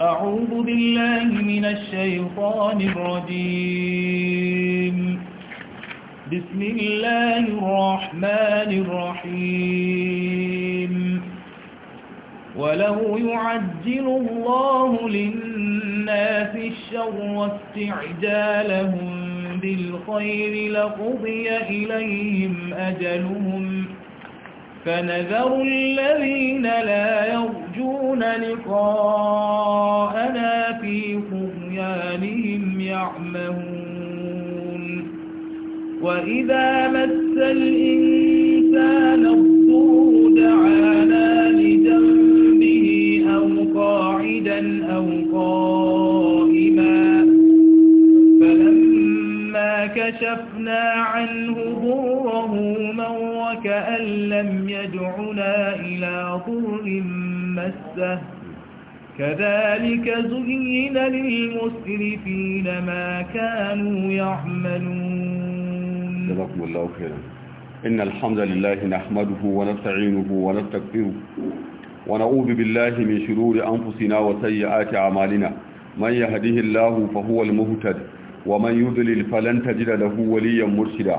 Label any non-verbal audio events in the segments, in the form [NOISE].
أعوذ بالله من الشيطان الرجيم بسم الله الرحمن الرحيم ولو يعجل الله للناس الشر واستعجالهم بالخير لقضي إليهم أجلهم فنذر الذين لا يرجون لقاءنا في خذيانهم يعمهون وإذا مس الإنسان الضر لم يدعنا إلى ضر مسه كذلك زين للمسرفين ما كانوا يعملون جزاكم الله خيرا إن الحمد لله نحمده ونستعينه ونستغفره ونعوذ بالله من شرور أنفسنا وسيئات أعمالنا من يهده الله فهو المهتد ومن يضلل فلن تجد له وليا مرشدا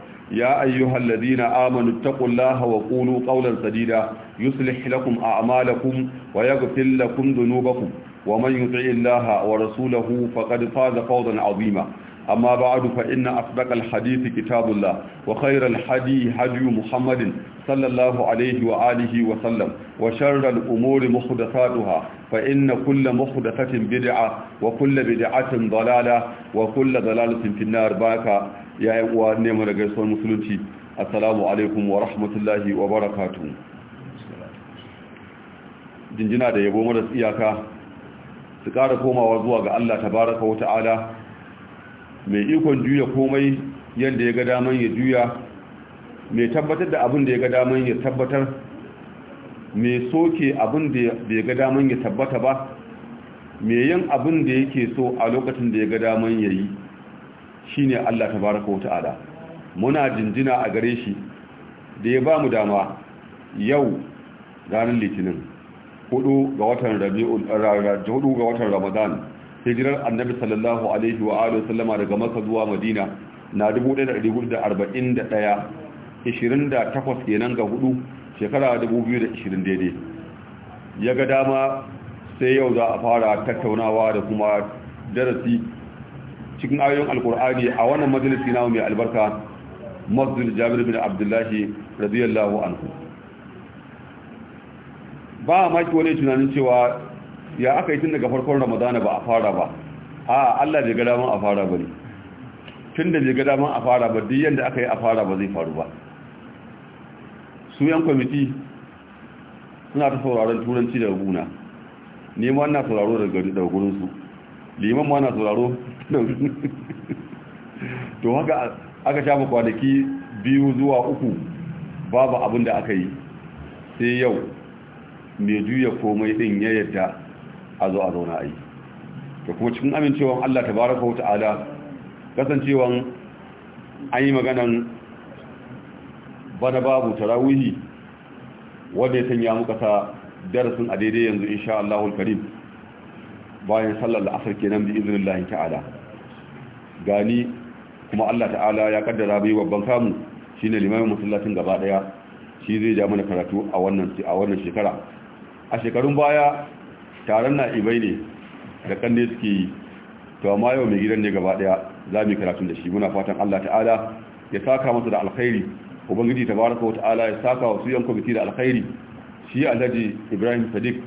يا أيها الذين آمنوا اتقوا الله وقولوا قولا سديدا يصلح لكم أعمالكم ويغفر لكم ذنوبكم ومن يطع الله ورسوله فقد فاز فوزا عظيما أما بعد فإن أصدق الحديث كتاب الله وخير الحدي حدي محمد صلى الله عليه وآله وسلم وشر الأمور محدثاتها فإن كل محدثة بدعة وكل بدعة ضلالة وكل ضلالة في النار باكا يا إخواني من رجل المسلمين السلام عليكم ورحمة الله وبركاته jinjina da yabo maras iyaka su ƙara komawa zuwa ga Allah tabaraka wa ta'ala mai ikon juya komai yadda ya ga daman ya juya mai tabbatar da abin da ya ga daman ya tabbatar mai soke abin da ya ga daman ya tabbata ba mai yin abin da yake so a lokacin da ya ga daman ya yi shi ne Allah ta baraka wata'ala muna jinjina a gare shi da ya ba mu dama yau ranar litinin 4 ga watan ramadan hijirar annabi sallallahu alaihi wa alihi sallama daga maka zuwa madina na 1441 28 kenan ga hudu shekara 2020 daidai ya ga dama sai yau za a fara tattaunawa da kuma darasi cikin ayoyin alkur'ani a wannan majalisi na mai albarka masjid jabir bin abdullahi radiyallahu anhu ba a maki wani tunanin cewa ya aka yi tun daga farkon ramadana ba a fara ba a Allah bai ga daman a fara ba ne tun da bai gada daman a fara ba duk yadda aka yi a fara ba zai faru ba su yan kwamiti suna ta sauraron turanci daga guna neman na sauraro daga gari daga gurinsu liman ma na sauraro [LAUGHS] to haka aka shafa kwanaki biyu zuwa uku babu abin da aka yi sai yau mai juya komai din ya yadda a zo a zauna na yi to kuma cikin amincewan Allah tabaraka wa ta'ala kasancewan an yi maganan bana babu tarawihi wanda ya sanya muka sa darasin a daidai yanzu insha Allahul Karim bayan sallar la'asar kenan bi iznillahi ta'ala gani kuma Allah ta'ala ya kaddara bai babban kamu shine limamin musallacin gaba daya shi zai ja mana karatu a wannan a wannan shekara a shekarun baya taron na ibai ne da ne suke yi to amma yau mai gidan ne gaba daya za mu karatun da shi muna fatan Allah ta'ala ya saka masa da alkhairi ubangiji tabaraka wa ta'ala ya saka wa su yan kwamiti da alkhairi shi alhaji ibrahim sadiq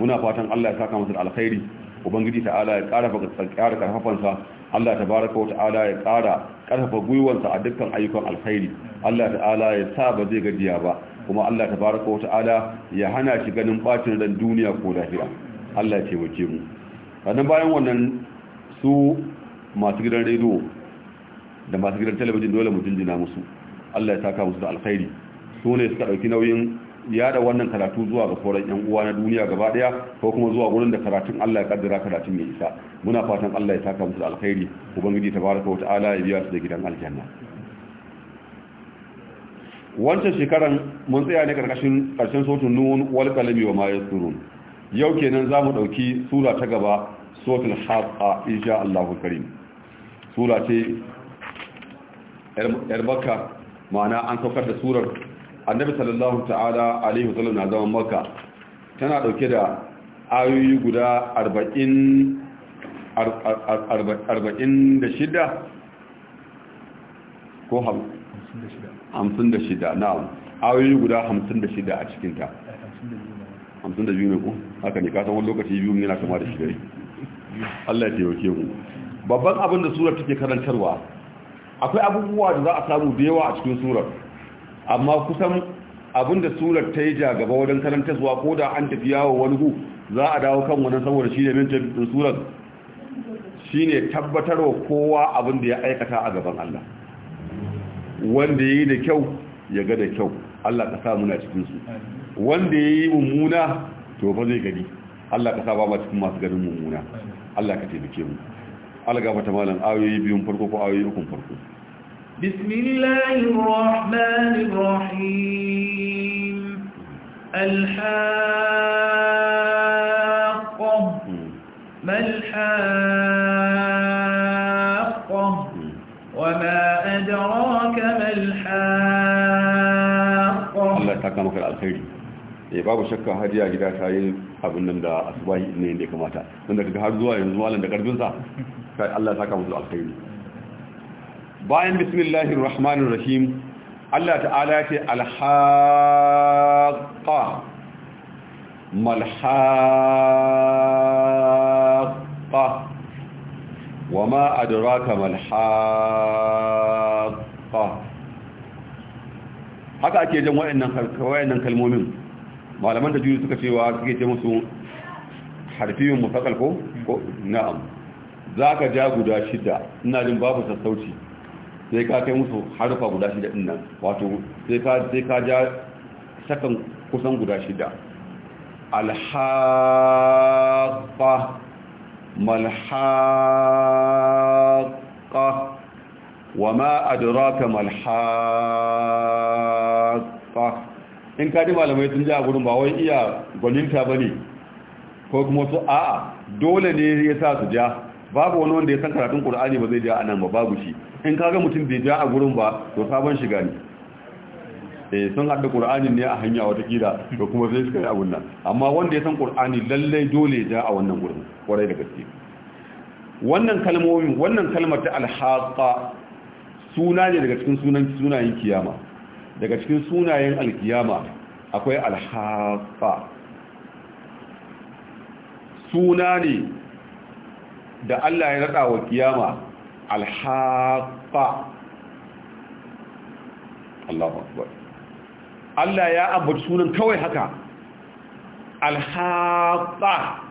muna fatan Allah ya saka masa da alkhairi ubangiji ta'ala ya tsakiyar ƙara karfafansa Allah tabaraka wa ta'ala ya kara ƙarfafa gwiwansa a dukkan ayyukan alkhairi Allah ta'ala ya sa ba zai gajiya ba kuma Allah tabaraka wa ta'ala ya hana shi ganin bacin ran duniya ko lafiya. Allah ya taimake mu sannan bayan wannan su masu gidan rediyo da masu gidan talabijin dole mu jinjina musu Allah ya saka musu da alkhairi su ne suka dauki nauyin yada wannan karatu zuwa ga koran yan uwa na duniya gaba daya ko kuma zuwa gurin da karatun Allah ya kaddara karatun mai isa muna fatan Allah ya saka musu da alkhairi ubangiji tabaraka wa ta'ala ya biya su da gidan aljanna wancan shekaran mun tsaya ne karkashin karshen sotun nun wal kalami wa ma yasurun yau kenan za mu ɗauki sura ta gaba sotun haɗa isha Allahu karim sura ce yar makka ma'ana an saukar da surar annabi sallallahu ta'ala alaihi wasallam na zaman maka tana dauke da ayoyi guda 46 ko 56 na'am ayoyi guda 56 a cikinta eh, hamsin da biyu ne ku haka ne kasa wani lokaci biyu yana kama da shi dai Allah ya taimake mu babban abin da surar take karantarwa akwai abubuwa da za a samu da yawa a cikin surar amma kusan abin da surar ta yi ja gaba wajen karantarwa ko da an tafi yawo wani hu za a dawo kan wani saboda shi ne min mintin surar shi ne tabbatarwa kowa abin da ya aikata a gaban Allah wanda ya yi da kyau ya ga da kyau Allah ka na cikin su wanda yayi mummuna to fa zai gani Allah ka saba ba cikin masu ganin mummuna Allah ka taimake mu Allah ga fata malam ayoyi biyun farko ko ayoyi ukun farko Bismillahir Rahmanir Rahim الحاق ما الحاق وما أدراك ما الحاق الله تعالى مكر الخير E babu shakka hajiya gida ta yi abin nan da asubahi ne yadda ya kamata wanda ka har zuwa yanzu malam da karfinsa kai Allah ya saka musu alkhairi bayan bismillahir rahmanir rahim Allah ta'ala ce alhaqa malhaqa wama adraka malhaqa haka ake jin waɗannan kalmomin malaman da juri suka cewa suke ce musu harfiyun musakal ko na'am za ka ja guda shida ina jin babu sassauci sai ka kai musu harfa guda shida ina wato sai ka sai ka ja sakan kusan guda shida alhaqa malhaqa ma adraka malhaqa in ka ji malamai sun ja a gurin ba wai iya gwaninta ba ne ko kuma su a'a dole ne ya sa su ja babu wani wanda ya san karatun ƙur'ani ba zai ja a nan ba babu shi in ka ga mutum zai ja a gurin ba to sabon shiga ne eh sun haɗa ƙur'anin ne a hanya wata kira to kuma zai shiga abun nan amma wanda ya san ƙur'ani lallai dole ya ja a wannan gurin kwarai da gaske wannan kalmomin wannan kalmar ta alhaqa suna ne daga cikin sunan sunayen kiyama daga cikin sunayen alkiyama akwai alhafa suna ne da Allah ya rada wa kiyama alhafa Allahu akbar Allah ya ambaci sunan kawai haka alhafa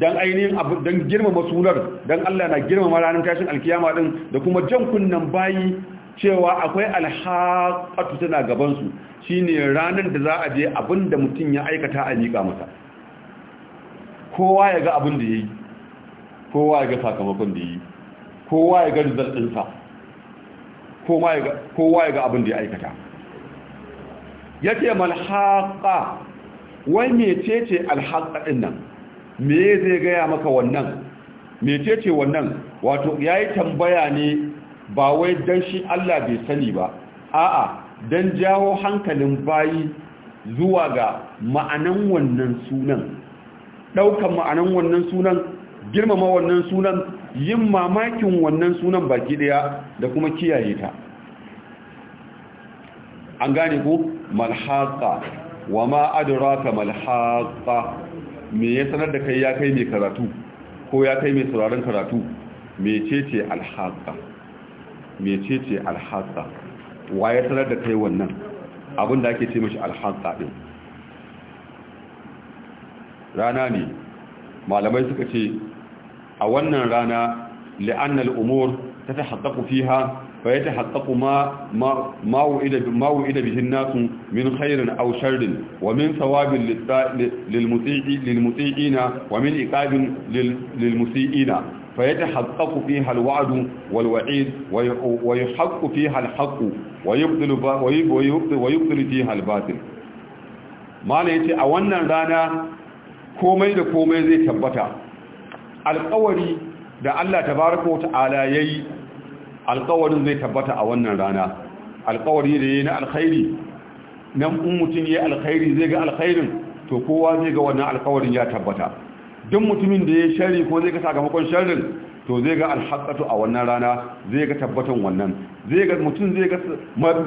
dan ainihin abu dan girmama sunar dan Allah na girmama ranar tashin alkiyama din da kuma jan kunnan bayi cewa akwai alhaƙatu tana gabansu shine ranar da za a je abin da mutum ya aikata a miƙa masa kowa ya ga abin da ya yi kowa ya ga sakamakon da ya yi kowa ya ga rizal ɗinsa kowa ya ga abin da ya aikata ya ce malhaƙa wai ce alhaƙa ɗin nan me zai gaya maka wannan ce wannan wato ya yi tambaya ne ba wai dan shi Allah bai sani ba a'a dan jawo hankalin bayi zuwa ga ma'anan wannan sunan daukan ma'anan wannan sunan girmama wannan sunan yin mamakin wannan sunan baki daya da kuma kiyaye ta an gane ku malhaqa wa ma adraka malhaqa me ya sanar da kai ya kai mai karatu ko ya kai mai sauraron karatu mecece alhaka. mecece alhassa wa ya tarar da kai wannan abin da ake ce mashi alhassa ɗin rana ne malamai suka ce a wannan rana li'annal umur ta ta haɗaƙu fiha fa ya ta haɗaƙu ma'u'ida bihin nasu min khairin aw sharrin wa min sawabin lilmutsi'ina wa min iqabin lilmusi'ina فيتحقق فيها الوعد والوعيد ويحق فيها الحق ويبطل ويبطل فيها الباطل mala yace a wannan rana komai da komai zai tabbata alƙawari da Allah tabaraka wa ta'ala yayi alƙawarin zai tabbata a wannan rana alƙawari da yayi na alkhairi nan in mutun yayi alkhairi zai ga alkhairin to kowa zai ga wannan alƙawarin ya tabbata don mutumin da ya shari ko zai ga sakamakon sharrin to zai ga alhatsatu a wannan rana zai ga tabbatan wannan zai ga mutum zai ga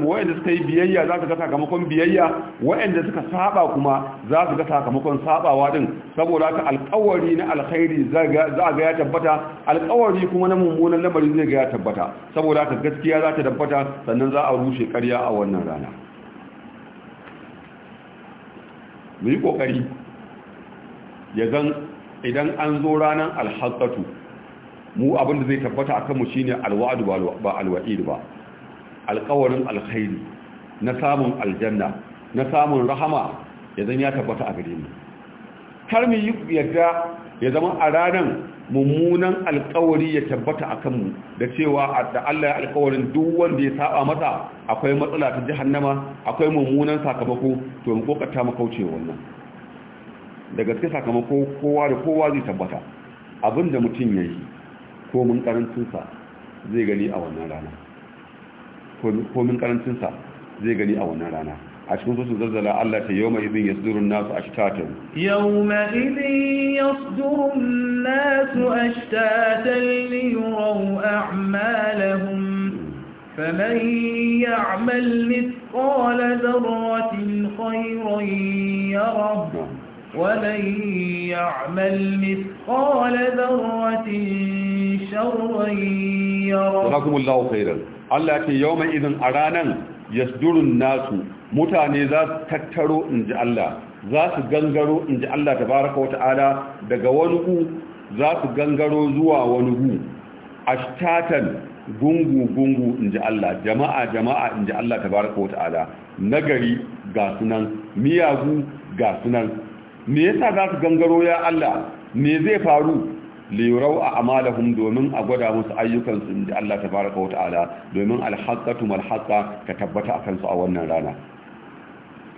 wayanda suka yi biyayya za su ga sakamakon biyayya wayanda suka saba kuma za su ga sakamakon sabawa din saboda ka alƙawari na alkhairi za ga ya tabbata alƙawari kuma na mummunan lamari zai ga ya tabbata saboda ka gaskiya za ta tabbata sannan za a rushe ƙarya a wannan rana mu yi ƙoƙari ya zan idan an zo ranar alhassatu mu abinda zai tabbata a kanmu shine alwa'adu ba alwa'id ba alkawarin alkhairi na samun aljanna na samun rahama ya zan ya tabbata a gare mu kar mu yi yadda ya zama a ranar mummunan alkawari ya tabbata a kanmu da cewa da Allah ya alkawarin duk wanda ya saba masa akwai matsala ta jahannama akwai mummunan sakamako to mu kokarta mu kauce wannan da gaske sakamako kowa da kowa zai tabbata abinda mutum ya yi komin karancinsa zai gani a wannan rana komin karancinsa zai gani a wannan rana a cikin sosu zazzala Allah ta yau mai izin ya sudurun nasu a shitatan yau mai izin ya sudurun nasu a shitatan liyurau a'malahun فمن يعمل مثقال ذرة خيرا يره ومن يعمل مثقال ذرة شرا يرى جزاكم الله خيرا الله يكي يوم إذن أرانا يسدر الناس متاني ذات تكتروا إن جاء الله ذات غنغروا إن جاء الله تبارك وتعالى دقوانه ذات غنغروا زوا ونهو أشتاتا gungu gungu in ji Allah jama'a jama'a in ji Allah tabaraka wa ta'ala nagari ga sunan miyagu ga sunan me yasa za su gangaro ya Allah me zai faru liyurau a amalahum domin a gwada musu ayyukansu inda Allah tabaraka ta'ala domin alhaqqatu mal ka tabbata akan su a wannan rana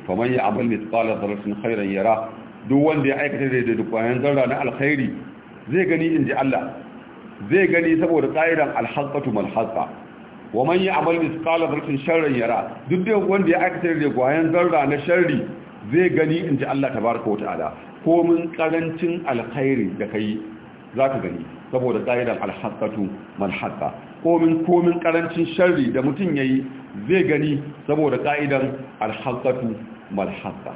faman ya amal mithqala dharratin khairan yara duk wanda ya aikata da da kwayan zarra na alkhairi zai gani ji Allah zai gani saboda qaidan alhaqqatu Wa haqqa waman ya amal mithqala dharratin sharran yara duk wanda ya aikata da kwayan zarra na sharri zai gani in ji Allah tabaraka wa ta'ala komin karancin alkhairi da kai za ka gani saboda ƙa'idar alhassatu malhassa komin komin karancin sharri da mutum ya yi zai gani saboda ƙa'idar alhassatu malhassa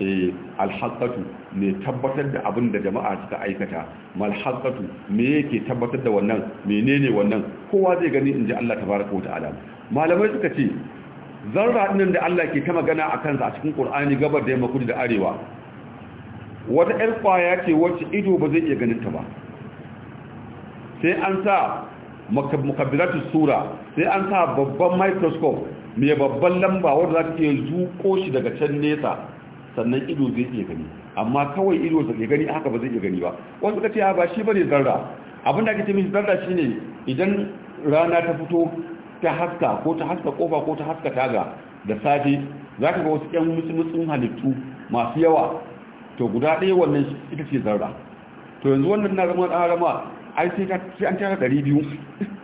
eh alhassatu ne tabbatar da abin da jama'a suka aikata malhassatu me yake tabbatar da wannan menene wannan kowa zai gani in ji Allah tabaraka wa ta'ala malamai suka ce zarra ɗin da Allah ke ta magana a kansa a cikin ƙul'ani gabar da ya makudu da arewa wata 'yar ƙwaya ce wacce ido ba zai iya ganin ta ba sai an sa makabiratu sura sai an sa babban microscope mai babban lamba wadda za ta iya zuko shi daga can nesa sannan ido zai iya gani amma kawai ido zai ke gani haka ba zai iya gani ba wasu ka ce ba shi bane zarra abinda ake ce mishi zarra shine idan rana ta fito ta haska ko ta haska kofa ko ta haska taga da safe za ka ga wasu ƴan musulmutsun halittu masu yawa to guda ɗaya wannan ita ce zarra to yanzu wannan na zama rama ai sai an tara ɗari biyu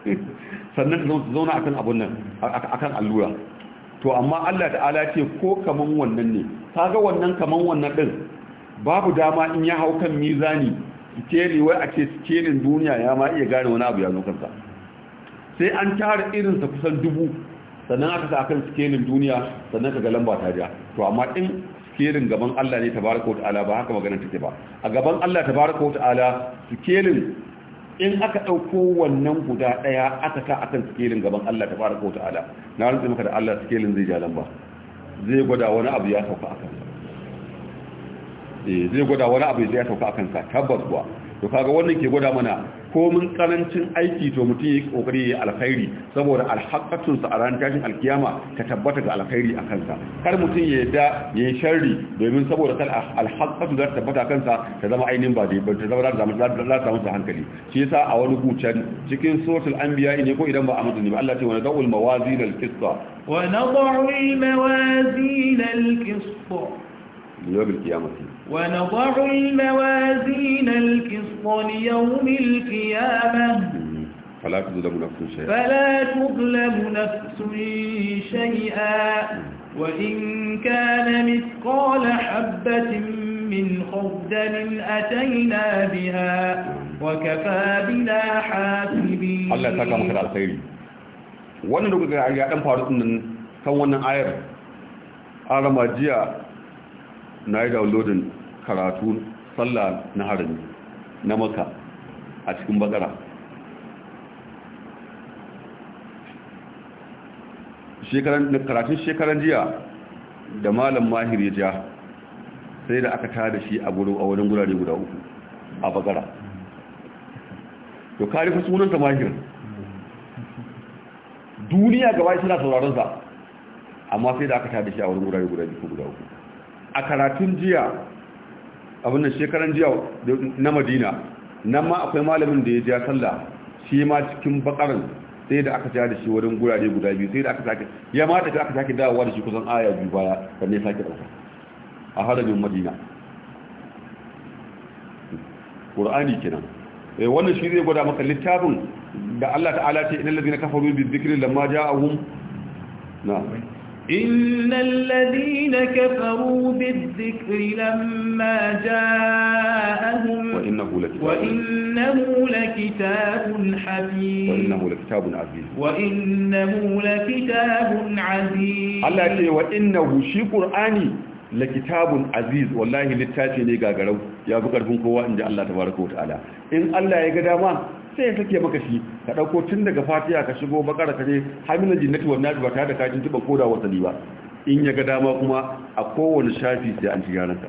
[LAUGHS] sannan ta zauna akan abun nan akan allura to amma Allah ta'ala ce ko kaman wannan ne ga wannan kaman wannan din babu dama in ya hau kan mizani ne wai a ce kerin duniya ya ma iya gane wani abu ya zo kansa sai an tara irinsa kusan dubu sannan aka sa akan sikelin duniya sannan ka ga lamba ta ja to amma in sikelin gaban Allah ne tabaraka wa ta'ala ba haka magana take ba a gaban Allah tabaraka wa ta'ala sikelin in aka ɗauko wannan guda ɗaya aka sa akan sikelin gaban Allah ta fara kota na rantsi maka da Allah sikelin zai ja lamba zai gwada wani abu ya sauka a eh zai gwada wani abu zai sauka a sa, tabbas kuwa to kaga wannan ke gwada mana komin karancin aiki to mutum yi kokari ya alkhairi saboda alhaqatun sa a ran tashin alkiyama ta tabbata ga alkhairi a kansa kar mutum ya da ya yi sharri domin saboda kar alhaqatu za ta tabbata kansa ta zama ainihin ba dai ta zama da za ta hankali shi yasa a wani hucan cikin suratul anbiya ne ko idan ba a mutum ba Allah ce wa nadawul mawazin al-qisṭa wa nadawul mawazin al-qisṭa ليوم القيامة ونضع الموازين القسط ليوم القيامة فلا تظلم نفس شيئا فلا تظلم نفس شيئا وإن كان مثقال حبة من خردل أتينا بها وكفى بنا حاسبين الله يسعدك مكر على خير wannan da لك ga dan faru din kan wannan ayar na yi downloadin karatu sallah na harami na maka a cikin bakara karatun shekaran jiya da malam mahir ya ja sai da aka tada shi a gudu a gurare guda uku a bakara to karifa sunanta mahir duniya gaba suna sauraron sa amma sai da aka tada shi a wajen gurare guda uku guda uku a karatun jiya abin da shekaran jiya na madina nan ma akwai malamin da ya ja sallah shi ma cikin bakarin sai da aka ja da shi wurin gurare guda biyu sai da aka sake ya ma da aka sake dawowa da shi kusan aya biyu baya wanne ya sake ɗauka a harabin madina ƙur'ani kenan eh, wannan shi zai gwada maka littafin da Allah ta'ala ce inal ladina kafaru bi zikirin lamma ja'ahum na إن الذين كفروا بالذكر لما جاءهم وإنه لكتاب, وإنه لكتاب حفيظ وإنه لكتاب عزيز وإنه لكتاب عزيز الله يقول وإنه شي قرآني لكتاب عزيز والله للتاتي نيقا قرو يا بقر فنكوا إن جاء الله تبارك وتعالى إن الله يقدام sai ya sake maka shi ka ɗauko tun daga fatiya ka shigo bakara ka ce hamilin jinnati wa nabi ba ta da kajin tuba ko da wasali ba in ya ga dama kuma a kowane shafi sai an shiga ranka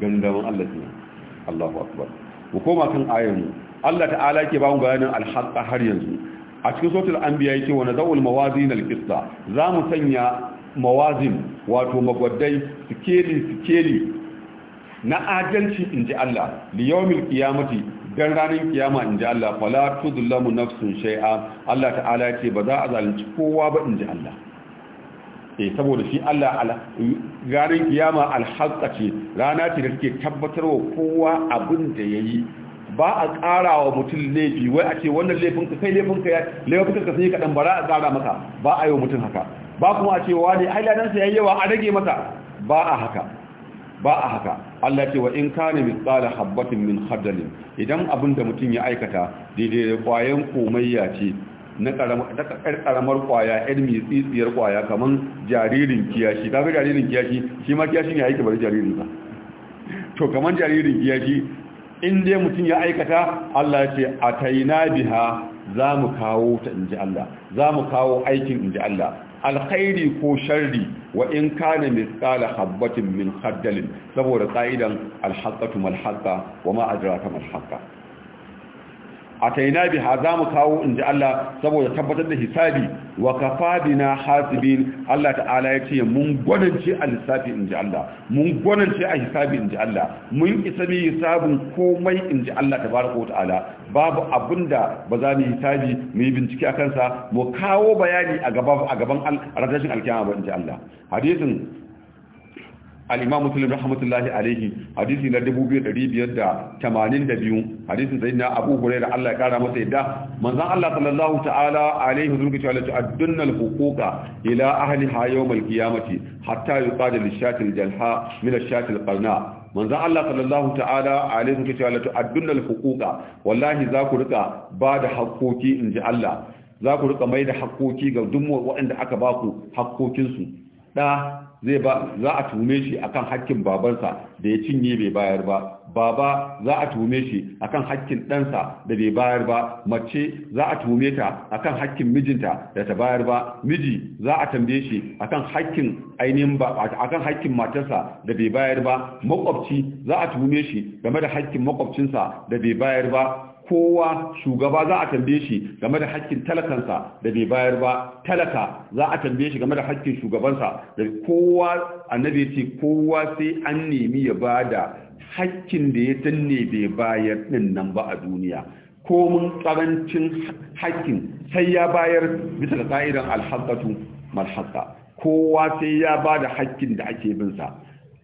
ganin daman Allah ne Allahu akbar mu koma kan ayar mu Allah ta'ala ke ba mu bayanin alhaqqa har yanzu a cikin suratul anbiya yake wa nadawul mawazin alqista za mu sanya mawazin wato magwaddai sikeli sikeli na adalci inji Allah li yawmil qiyamati gangan ranar kiyama in ji Allah fala tudlamu nafsun shay'a Allah ta'ala ce ba za a zalunci kowa ba in ji Allah eh saboda shi Allah ranar kiyama alhaqqa ce rana ce da take tabbatarwa kowa abin da yayi ba a ƙara wa mutum laifi wai a ce wannan laifinka kai laifinka ya laifinka sai kaɗan ba za a ƙara maka ba a yi wa mutum haka ba kuma a ce wa ne ai ya yi yawa a rage masa ba a haka ba a haka Allah ce wa in kana tsala habbatin min khardalin idan abin da mutum ya aikata daidai da kwayan komayya ce na karamar kwaya yan mitsitsiyar kwaya kamar jaririn kiyashi ta ga jaririn kiyashi shi ma kiyashi ne ya aiki bari jaririn ba to kamar jaririn kiyashi in dai mutum ya aikata Allah ce a taina biha za mu kawo ta inji Allah za mu kawo aikin inji Allah alkhairi ko sharri wa in kana mithqala habatin min khaddalin saboda qaidan al-haqqatu mal haqqa wa ma adraka mal haqqa ataina biha za mu kawo in ji Allah saboda tabbatar da hisabi wa kafabina hasibin Allah ta'ala ya ce mun gwanance a lissafi in ji Allah mun gwanance a hisabi in ji Allah mun isa mi hisabin komai in ji Allah tabaraka ta'ala babu abinda ba za mu hisabi mu yi bincike a kansa mu kawo bayani a gaban a gaban ba in ji Allah hadisin al-imam muslim rahmatullahi alaihi hadisi na 2582 zai na abu hurairah Allah ya kara masa yadda manzon Allah sallallahu ta'ala alaihi wasallam ya ce addunna al-huquqa ila ahliha yawm al-qiyamati hatta yuqad lish da al-jalha min ash-shati al-qarna manzon Allah sallallahu ta'ala alaihi wasallam ya ce addunna al-huquqa wallahi za ku rika ba da in ji Allah za ku rika mai da haƙoƙi ga duk waɗanda aka baku ku ɗa zai ba za a tume shi akan hakkin babansa da ya cinye bai bayar ba baba za a tume shi akan hakkin ɗansa da bai bayar ba mace za a tume ta akan hakkin mijinta da ta bayar ba miji za a tambaye shi akan hakkin ainihin ba akan hakkin matarsa da bai bayar ba makwabci za a tume shi game da hakkin makwabcinsa da bai bayar ba kowa shugaba za a tambaye shi game da haƙƙin talakansa da bai bayar ba talaka za a tambaye shi game da haƙƙin shugabansa da kowa annabi ce kowa sai an nemi ya bada haƙƙin da ya danne bai bayar din nan ba a duniya komun karancin haƙƙin sai ya bayar bisa ga ka'idan alhaqqatu malhaqqa kowa sai ya bada haƙƙin da ake bin sa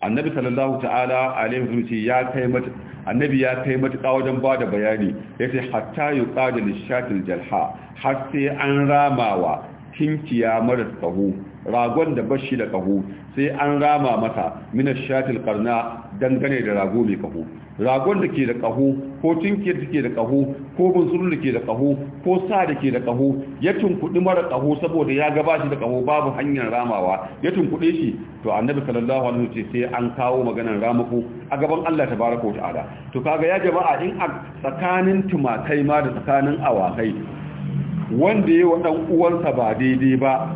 annabi sallallahu ta'ala alaihi wasallam ya kai mata annabi ya kai matuƙa wajen bada da bayani yace hatta yuqadil shatil jalha har sai an ramawa kinkiya mara tsaho ragon da bashi da kaho sai an rama mata min shatil karna dangane da rago mai kahu ragon da ke da kahu ko tinkiyar da ke da kahu ko bunsuru da ke da kaho ko sa da ke da kahu ya tunkuɗi mara kaho saboda ya gaba shi da kaho babu hanyar ramawa ya tunkuɗe shi to annabi sallallahu alaihi wasallam sai an kawo maganar ramako a gaban Allah tabaraka ta'ala to kaga ya jama'a in a tsakanin tumakai ma da tsakanin awakai wanda ya wa ɗan uwansa ba daidai ba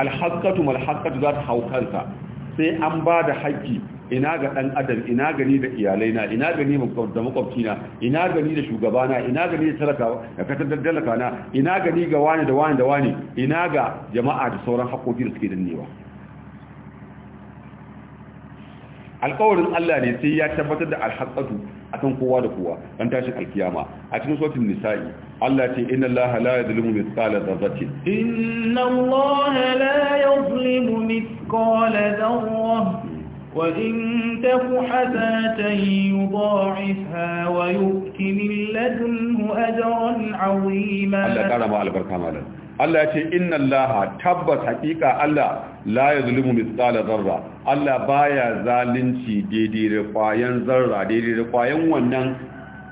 alhaskatu malhaskatu za ta hau kansa sai an ba da haƙƙi ina ga ɗan adam ina gani da iyalaina ina gani da makwabcina ina gani da shugabana ina gani da talaka da katar talaka na ina gani ga wani da wani da wani ina ga jama'a da sauran haƙoƙi da suke dannewa alƙawarin Allah ne sai ya tabbatar da alhaqqatu akan kowa da kowa dan tashi alkiyama a cikin suratul nisa'i Allah ce inna Allah la yadhlimu mithqala dharratin inna Allah la yadhlimu mithqala dharratin وإن in حسنة يضاعفها ويؤت wa لدنه أجرا عظيما الله تعالى Allah ya مالا inna: يقول إن الله تبت حقيقة الله la ya zulmu mithqala zarra Allah baya zalunci daidai da kwayan zarra daidai da kwayan wannan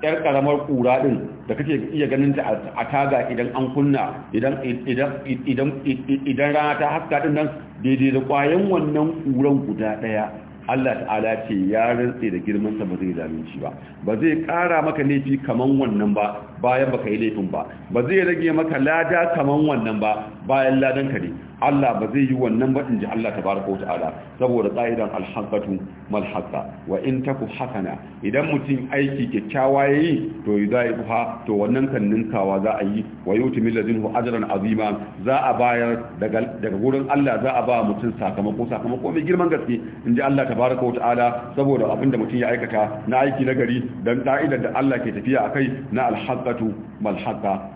yar karamar kura din da kake iya ganin ta a taga idan an kunna idan idan idan idan rana ta haska din nan daidai da kwayan wannan kuran guda daya Allah ta'ala ce ya rantse da girmansa ba zai zalunci ba ba zai kara maka laifi kaman wannan ba bayan baka yi laifin ba ba zai rage maka lada kaman wannan ba bayan ladan ka ne Allah ba zai yi wannan ba in ji Allah tabaraka wata'ala saboda qa'idan al-haqqatu mal haqqa wa in taku hasana idan mutum aiki kyakkyawa yi, to yudaiha to wannan kan ninkawa za a yi wa yutimil ladinhu ajran azima za a bayar daga gurin Allah za a ba mutum sakamako sakamako mai girman gaske in ji Allah tabaraka wata'ala saboda abinda mutum ya aikata na aiki na gari dan qa'idar da Allah ke tafiya akai na al-haqqatu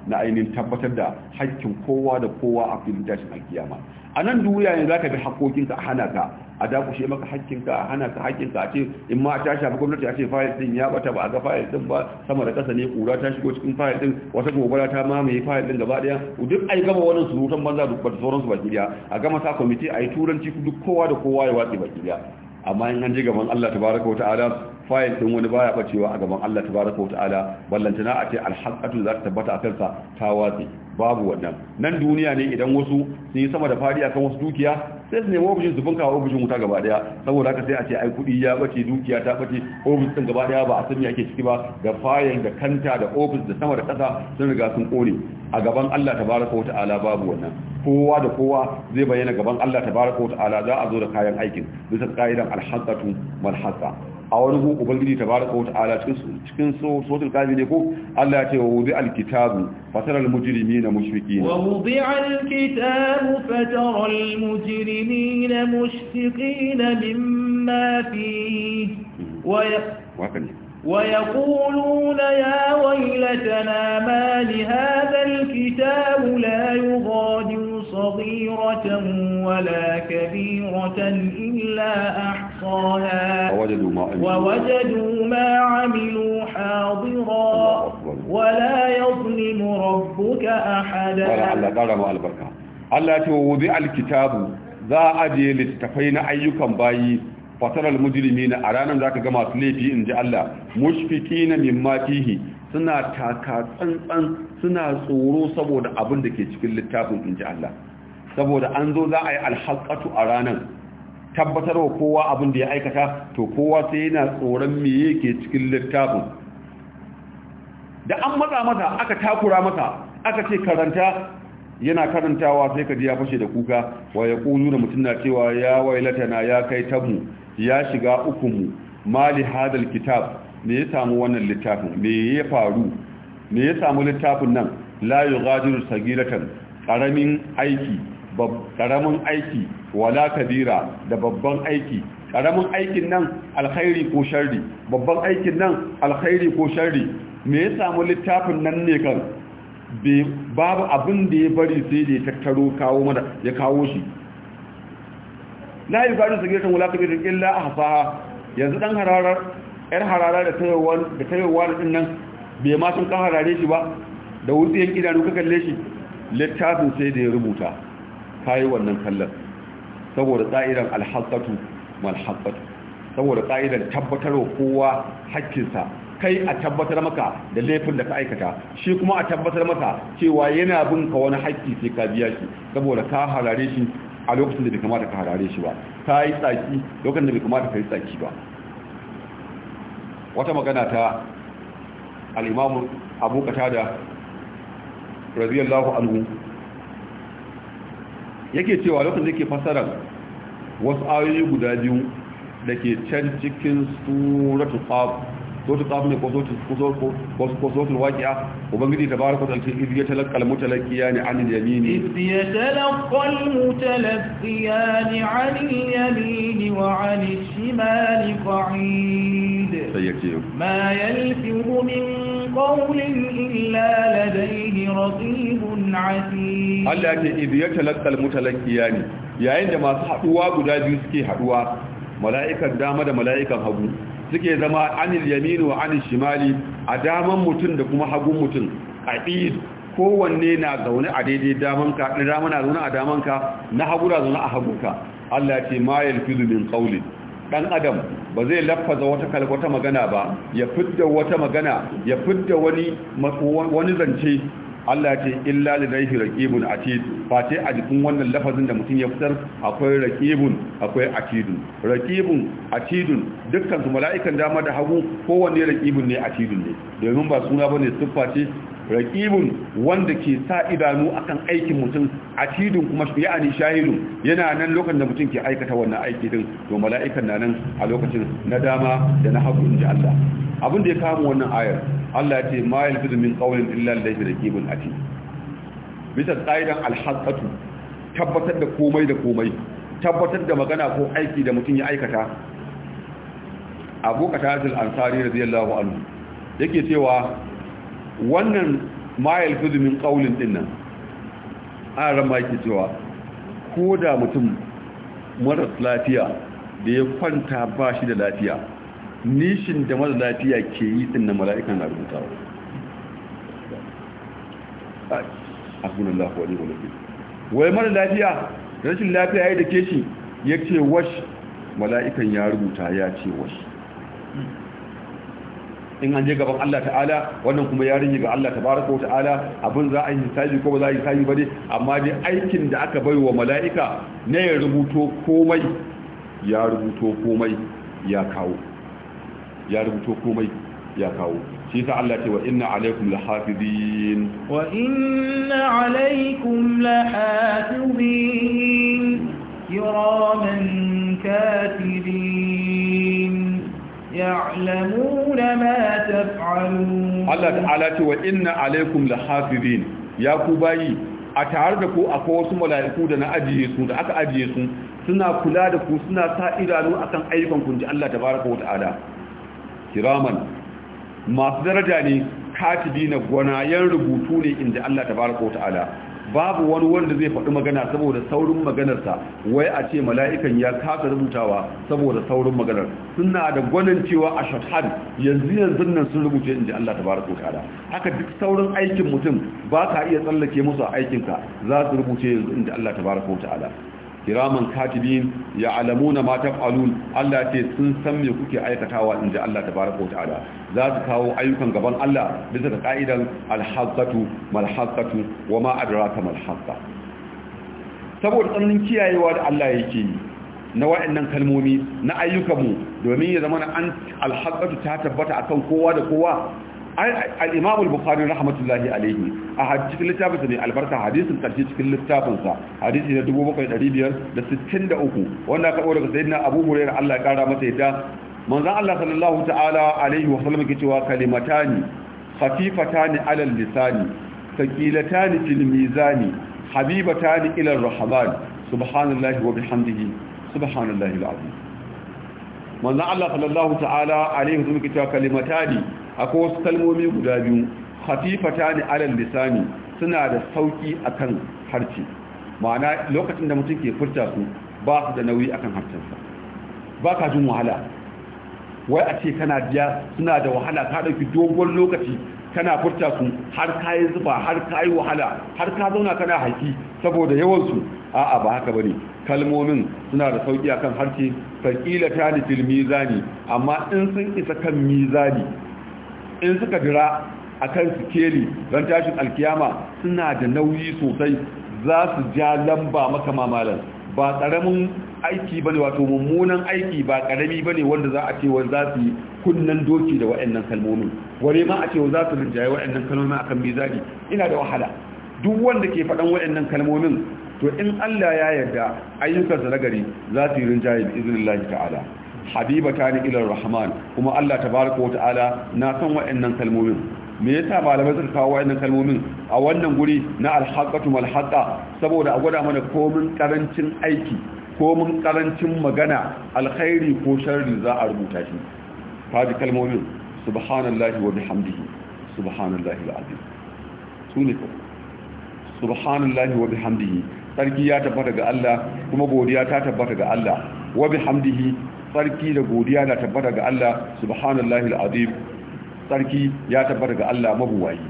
na ainihin tabbatar da haƙƙin kowa da kowa a filin tashin alkiyama ba a nan duniya ne za ka bi haƙoƙinka a hana ka a dakushe maka haƙƙinka a hana ka haƙƙinka a ce in ma ta shafi gwamnati a ce fayil ɗin ya bata ba a ga fayil din ba sama da ƙasa ne ƙura ta shigo cikin fayil din wata gobara ta mamaye fayil din gaba ɗaya duk ai gama wannan surutan banza duk ba sauransu baki ɗaya a gama sa kwamiti a yi turanci duk kowa da kowa ya watsi baki ɗaya amma in an je gaban Allah tabaraka wa ta'ala fayil ɗin wani baya bacewa a gaban Allah tabaraka wa ta'ala ballantana a ce alhaqatu za tabbata a kansa ta watsi babu wannan nan duniya ne idan wasu sun yi sama da fadi akan wasu dukiya sai su nemi ofishin su funka ofishin wuta gaba daya saboda haka sai a ce ai kudi ya bace dukiya ta bace ofis din gaba daya ba a san me ake ciki ba da fayil da kanta da ofis da sama da kasa sun riga sun kore a gaban Allah tabaraka wata'ala babu wannan kowa da kowa zai bayyana gaban Allah tabaraka wata'ala za a zo da kayan aikin bisa ka'idan alhaqatu malhaqa a wani hu ubangiji tabaraka wata'ala ta'ala cikin suratul kafi ne ko Allah ya ce wa wudi alkitabu fatara na mushfiqin wa wudi alkitabu fatara almujrimina na mimma fihi mm-hmm. wa wa ويقولون يا ويلتنا ما لهذا الكتاب لا يغادر صغيرة ولا كبيرة إلا أحصاها ووجدوا ما عملوا, ووجدوا ما عملوا حاضرا ولا يظلم ربك أحدا ألا توضع الكتاب ذا أجل التفين أيكم بايه fataral mujrimina a ranar zaka ga masu laifi in ji Allah mushfikina mimma fihi suna taka tsantsan suna tsoro saboda abin da ke cikin littafin in ji Allah saboda an zo za a yi alhaƙatu a ranar tabbatarwa kowa abin da ya aikata to kowa sai yana tsoron me yake cikin littafin da an matsa mata aka takura mata aka ce karanta yana karantawa sai ka ji ya fashe da kuka wa ya kunu da mutum na cewa ya wailata na ya kai tamu ya shiga mu mali hadal kitab me ya samu wannan littafin me ya faru me ya samu littafin nan la yughadiru sagiratan karamin aiki karamin aiki wala kabira da babban aiki karamin aikin nan alkhairi ko sharri babban aikin nan alkhairi ko sharri me ya samu littafin nan ne kan babu abin da ya bari sai da ya tattaro kawo mana ya kawo shi la yubadu sagiratan wala kabiratan illa ahsaha yanzu dan hararar yar harara da tayowa da tayowa din nan bai ma sun kan harare shi ba da wutsiyan idanu ka kalle shi littafin sai da ya rubuta yi wannan kallon saboda tsa'iran alhaqqatu mal haqqatu saboda tsa'iran tabbatarwa kowa hakkinsa kai a tabbatar maka da laifin da ka aikata shi kuma a tabbatar maka cewa yana bin ka wani haƙƙi sai ka biya shi saboda ka harare shi a lokacin da bai kamata ka harare shi ba ta yi tsaki lokacin da bai kamata ka yi tsaki ba wata magana ta al'imamu abu da raziyallahu anhu yake cewa lokacin da ke fasara wasu ayoyi guda biyu da ke can cikin suratu suratul qaf ne ko suratul ko suratul waqi'a ubangiji tabaraka wa ta'ala idh yatalaqqa al-mutalaqiyani 'anil yamini idh yatalaqqa al-mutalaqiyani 'anil yamini wa 'anil shimali qa'id sayyati ma yalfihu min qawlin illa ladayhi raqibun 'atid Allah ya ce idh yatalaqqa al-mutalaqiyani yayin da masu haɗuwa guda biyu suke haɗuwa mala'ikan dama da mala'ikan hagu suke zama anil yaminu wa anil shimali a daman mutum da kuma hagun mutum a ɗid kowanne na zaune a daidai damanka na dama na zaune a damanka na hagu na zaune a hagunka Allah ce ma yalfizu min qawlin dan adam ba zai lafaza wata kalbata magana ba ya fidda wata magana ya fidda wani wani zance Allah ce illa lidaihi raqibun rakibin face a jikin wannan lafazin da mutum ya fitar akwai rakibin akwai atidun a atidun dukkan su mala'ikan dama da hagu kowanne raqibun ne atidun ne domin ba suna ba ne siffa ce Raƙibin wanda ke sa idanu akan aikin mutum atidun kuma ya'ani shahidun yana nan lokacin da mutum ke aikata wannan aiki din to mala'ikan na nan a lokacin na dama da na hagu inji Allah abin da ya kama wannan ayar Allah ya ce ma yalfizu min qawlin illa ladayhi raqibun atid bisa tsaidan alhaqatu tabbatar da komai da komai tabbatar da magana ko aiki da mutum ya aikata abu katatul ansari radiyallahu anhu yake cewa wannan ma yalfizu min qaulin dinnan an rama yake cewa ko da mutum maras lafiya da ya kwanta ba shi da lafiya nishin da maras lafiya ke yi dinnan mala'ikan na rubutawa asbunallahu Wani ni'mal wakeel wai maras lafiya rashin lafiya ya yi da ke shi ce wash mala'ikan ya rubuta ya ce wash in an je gaban Allah ta'ala wannan kuma ya ga Allah tabaraka wa ta'ala abin za a yi hisabi ko ba za a yi hisabi ba dai amma dai aikin da aka bai wa mala'ika ne ya rubuto komai ya rubuto komai ya kawo ya rubuto komai ya kawo shi ta Allah ce wa inna alaikum lahafizin wa inna alaikum lahafizin kiraman katibin يعلمون ما تفعلون الله تعالى وإن عليكم ya يا كوباي a tare da ku akwai wasu mala'iku da na ajiye su da aka ajiye su suna kula da ku suna sa idanu akan ayyukan ku ji Allah tabaraka wa ta'ala kiraman masu daraja ne katibi na gwanayen rubutu ne inda Allah tabaraka wa ta'ala babu wani wanda zai faɗi magana saboda saurin maganarsa wai a ce mala'ikan ya kasa rubutawa saboda saurin maganar suna da gwanin cewa a shahar yanzu yanzu nan sun rubuce inji Allah ta tabaraka ta'ala haka duk saurin aikin mutum ba ka iya tsallake musu aikinka za su rubuce yanzu inji Allah ta tabaraka ta'ala kiraman katibin ya na mata taf'alun Allah ce sun san me kuke aikatawa inji Allah ta wa ta'ala za su kawo ayyukan gaban Allah bisa ga ka'idan alhaqqatu malhaqqatu wa ma adraka malhaqqa saboda tsananin kiyayewa da Allah yake yi na wa'annan kalmomi na ayyukanmu domin ya zama an alhaqqatu ta tabbata akan kowa da kowa al-imam al-bukhari rahmatullahi alayhi a hadisin littafin sa ne albarka hadisin karshe cikin littafin sa hadisi na 7563 wanda ka daga sayyidina abu hurairah Allah ya kara masa yadda manzon Allah sallallahu ta'ala alayhi wa sallam yake cewa kalimatani khafifatani alal lisani thaqilatani fil mizani habibatani ila ar-rahman subhanallahi wa bihamdihi subhanallahi al-azim manzon Allah sallallahu ta'ala alayhi wa sallam yake cewa kalimatani akwai wasu kalmomi guda biyu hafifata ne alal lisani suna da sauki akan harce ma'ana lokacin da mutum ke furta su ba su da nauyi akan harcensa ba ka jin wahala wai a ce kana biya suna da wahala ka ɗauki dogon lokaci kana furta su har ka yi zuba har ka yi wahala har ka zauna kana haƙi saboda yawansu a'a ba haka bane kalmomin suna da sauki akan harce fakila ta ni fil mizani amma in sun isa kan mizani in suka jira a kan sikeli don tashin alkiyama suna da nauyi sosai za su ja lamba maka mamalan ba ƙaramin aiki bane wato mummunan aiki ba ƙarami bane wanda za a ce wa za su kunnan doki da wa'annan kalmomin wane ma a ce wa za su rinjaye wa'annan kalmomin akan mizani ina da wahala duk wanda ke faɗan wa'annan kalmomin to in Allah ya yarda ayyukansa na gari za su yi rinjaye bi iznillahi ta'ala habibata ni ila rahman kuma Allah ta tabaraka wa ta'ala na san wa'annan kalmomin me yasa malamai suka kawo wa'annan kalmomin a wannan guri na alhaqatu wal haqa saboda a gwada mana komin karancin aiki komin karancin magana alkhairi ko sharri za a rubuta shi fadi kalmomin subhanallahi wa bihamdihi subhanallahi alazim sune ko subhanallahi wa bihamdihi sarki ya tabbata ga Allah kuma godiya ta tabbata ga Allah wa bihamdihi sarki da godiya na tabbata ga Allah subhanallahi alazim sarki ya tabbata ga Allah mabuwayi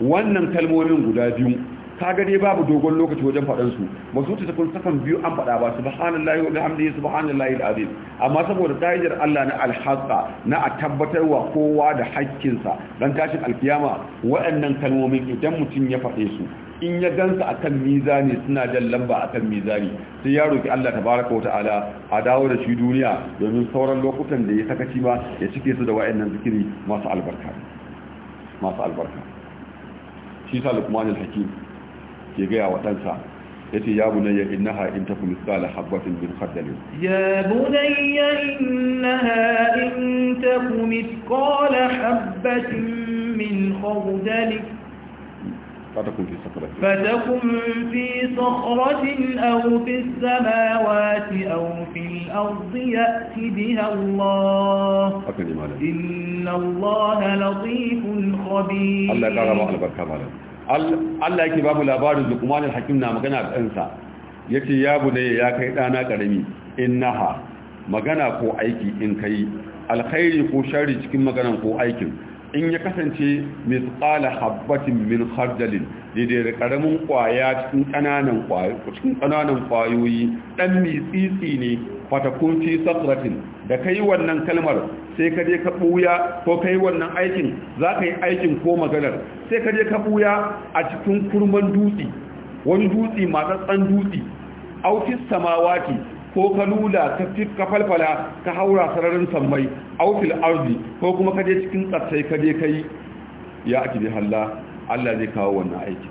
wannan kalmomin guda biyu Ka dai babu dogon lokaci wajen faɗan su masutu takun sakan biyu an faɗa ba subhanallahi wa bihamdihi subhanallahi alazim amma saboda da'idar Allah na alhaqa na a tabbatarwa kowa da hakkin sa dan tashin alkiyama waɗannan kalmomin idan mutum ya faɗe su in ya gansa akan mizani suna jan lamba akan mizani sai ya roki Allah tabaraka wataala a dawo da shi duniya domin sauran lokutan da ya sakaci ba ya cike su da waɗannan zikiri masu albarka masu albarka shi sa lukmanul hakim ke gaya wa ɗansa ya ce ya bunayya inna ha in tafi misali habbatin bin kardali فتكون في صخرة فتكون في صخرة أو في السماوات أو في الأرض يأتي بها الله أكد إمانا إن الله لطيف خبير الله قال الله البركة Allah yake babu labarin kuma hakim na magana da ɗansa ce ya ne ya kai dana karami naha magana ko aiki in kai alkhairi ko shari cikin magana ko aikin in ya kasance mithqala habbatin min khardalin daidai da karamin kwaya cikin kananan kwayo cikin kananan kwayoyi dan mitsitsi ne fatakun fi sakratin da kai wannan kalmar sai ka je ka buya ko kai wannan aikin za ka yi aikin ko maganar sai ka je ka buya a cikin kurman dutsi, wani dutsi masu matsatsan dutsi autis samawati ko ka lula ka fi ka falfala ka haura sararin sammai aufil arzi ko kuma ka je cikin tsatsai ka je kai ya ake bi halla Allah zai kawo wannan aikin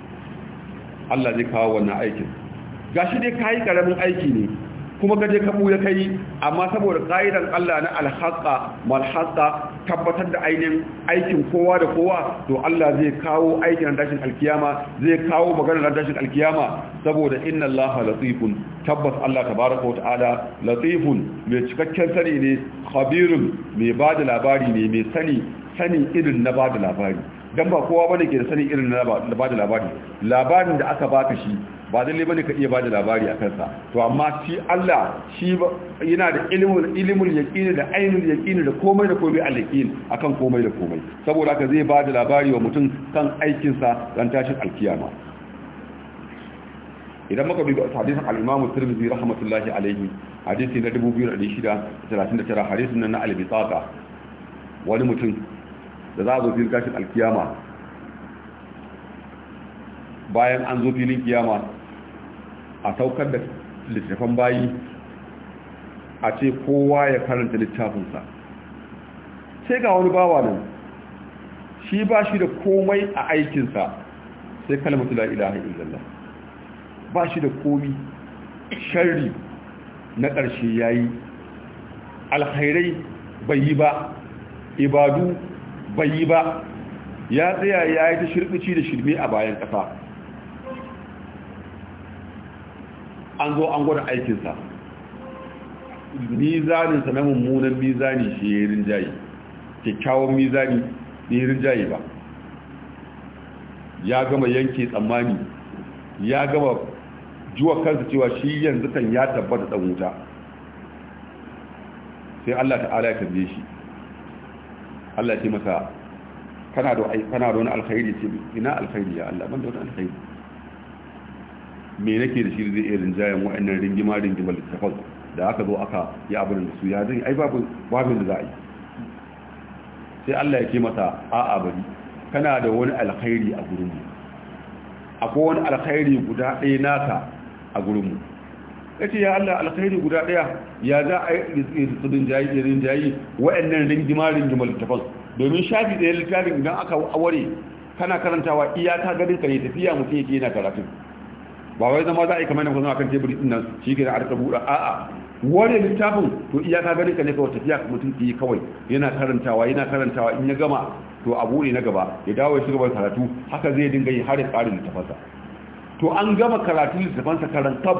Allah zai kawo wannan aikin shi dai ka yi karamin aiki ne kuma gaje ka buya kai amma saboda ƙa'idan Allah na alhaqa malhaqa tabbatar da ainihin aikin kowa da kowa to Allah zai kawo aikin dashin alkiyama zai kawo maganar dashin alkiyama saboda inna Allah latifun tabbas Allah tabaraka wa ta'ala latifun mai cikakken sani ne khabirun mai bada labari ne mai sani sani irin na bada labari dan ba kowa bane ke da sani irin na bada labari labarin da aka baka shi ba lalle bane ka iya bada labari a kansa to amma shi Allah shi yana da ilmul ilmul yaqini da ainul yaqini da komai da komai al-yaqin akan komai da komai saboda haka zai bada labari wa mutum kan aikin sa ran tashin alkiyama idan muka bi hadisin al-Imam Tirmidhi rahmatullahi alayhi hadisi na 2639 hadisin nan na al-Bisaqa wani mutum da za a zo filin tashin alkiyama bayan an zo filin kiyama a saukar da littafan bayi a ce kowa ya karanta littafinsa sai ga wani bawa nan shi ba shi da komai a aikinsa sai kalmatu la ilaha illallah ba shi da komi sharri na ƙarshe ya yi alhairai bai yi ba ibadu bai yi ba ya tsaya ya yi ta shirɓici da shirme a bayan kafa. an zo an gwada aikinsa mizaninsa na mummunan mizani shi ya yi rinjaye kyakkyawan mizani ya yi rinjaye ba ya gama yanke tsammani ya gama juwa kansa cewa shi yanzu kan ya tabbata dan wuta sai Allah ta'ala ya kalle shi Allah ya ce masa kana da kana da wani alkhairi ce ina alkhairi ya Allah banda da wani alkhairi me nake da shi da zai irin jayen wa'annan ringima ringima littafan da aka zo aka yi abin da su ya zai ai babin da za a yi sai Allah ya ce mata a'a bari kana da wani alkhairi a gurinmu akwai wani alkhairi guda ɗaya naka a gurinmu ya ce ya Allah alkhairi guda ɗaya ya za a yi tsirin jayi irin jayi wa'annan ringima ringima littafan domin shafi ɗaya littafin idan aka aure kana karantawa ta ganin ka ne tafiya mutum yake yana karatun ba wai zama za a yi kamar yanzu a kan teburi ɗin nan shi ke da arka buɗa a'a wani littafin to iya ka gani ka ne kawai tafiya mutum ki kawai yana karantawa yana karantawa in ya gama to a buɗe na gaba ya dawo ya shiga ban karatu haka zai dinga yi har ya ƙare littafansa to an gama karatu littafansa karanta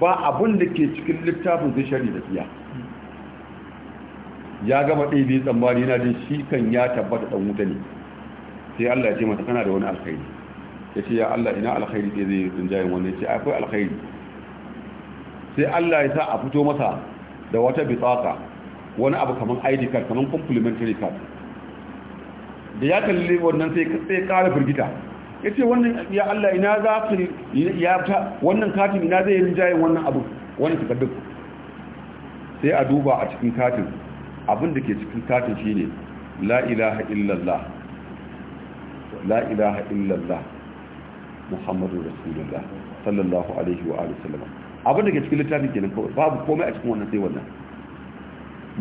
ba abun da ke cikin littafin zai shari da tsiya ya gama ɗaya biyu tsammani yana jin shi kan ya tabbata ɗan wuta ne sai Allah ya ce mata kana da wani alkhairi ya ce ya Allah ina alkhairi ke zai rinjayen wanda ya ce akwai alkhairi sai Allah ya sa a fito masa da wata bitsaka wani abu kamar ID card kamar complementary card da ya kalli wannan sai sai ƙara firgita ya ce wannan ya Allah ina za su ya ta wannan katin ina zai rinjayin wannan abu wannan takardun sai a duba a cikin katin abin da ke cikin katin shine la ilaha illallah la ilaha illallah muhammadu rasulullah sallallahu alaihi wa alihi sallama abin da ke cikin littafin kenan kawai babu komai a cikin wannan sai wannan